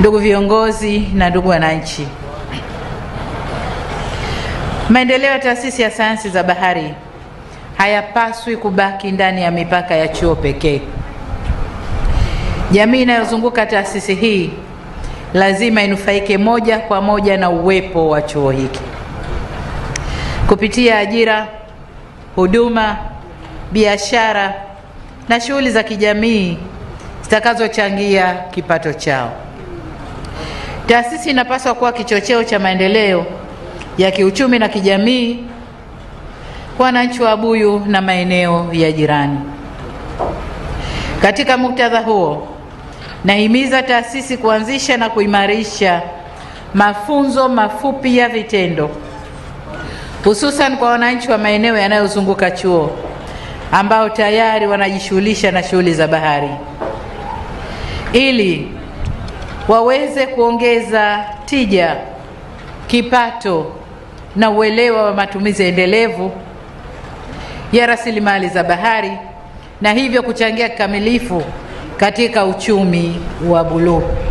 ndugu viongozi na ndugu wananchi, maendeleo ya taasisi ya sayansi za bahari hayapaswi kubaki ndani ya mipaka ya chuo pekee. Jamii inayozunguka taasisi hii lazima inufaike moja kwa moja na uwepo wa chuo hiki kupitia ajira, huduma, biashara na shughuli za kijamii zitakazochangia kipato chao. Taasisi inapaswa kuwa kichocheo cha maendeleo ya kiuchumi na kijamii kwa wananchi wa Buyu na maeneo ya jirani. Katika muktadha huo, nahimiza taasisi kuanzisha na kuimarisha mafunzo mafupi ya vitendo hususan kwa wananchi wa maeneo yanayozunguka chuo ambao tayari wanajishughulisha na shughuli za bahari ili waweze kuongeza tija, kipato na uelewa wa matumizi endelevu ya rasilimali za bahari na hivyo kuchangia kikamilifu katika uchumi wa buluu.